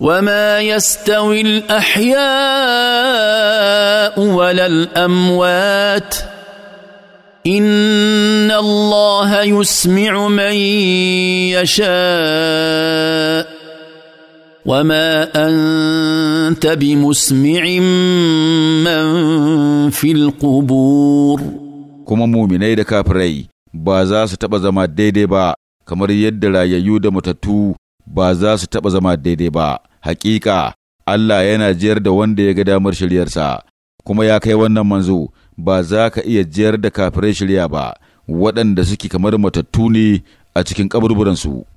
وما يستوي الاحياء ولا الاموات ان الله يسمع من يشاء وما انت بمسمع من في القبور kuma muminai da kafirai ba za su taɓa zama daidai ba kamar yadda rayayyu da matattu ba za su taɓa zama daidai ba Hakika Allah yana jiyar da wanda ya ga damar shiryarsa, kuma ya kai wannan manzo, ba za ka iya jiyar da kafirai shirya ba, waɗanda suke kamar matattu ne a cikin kaburburansu.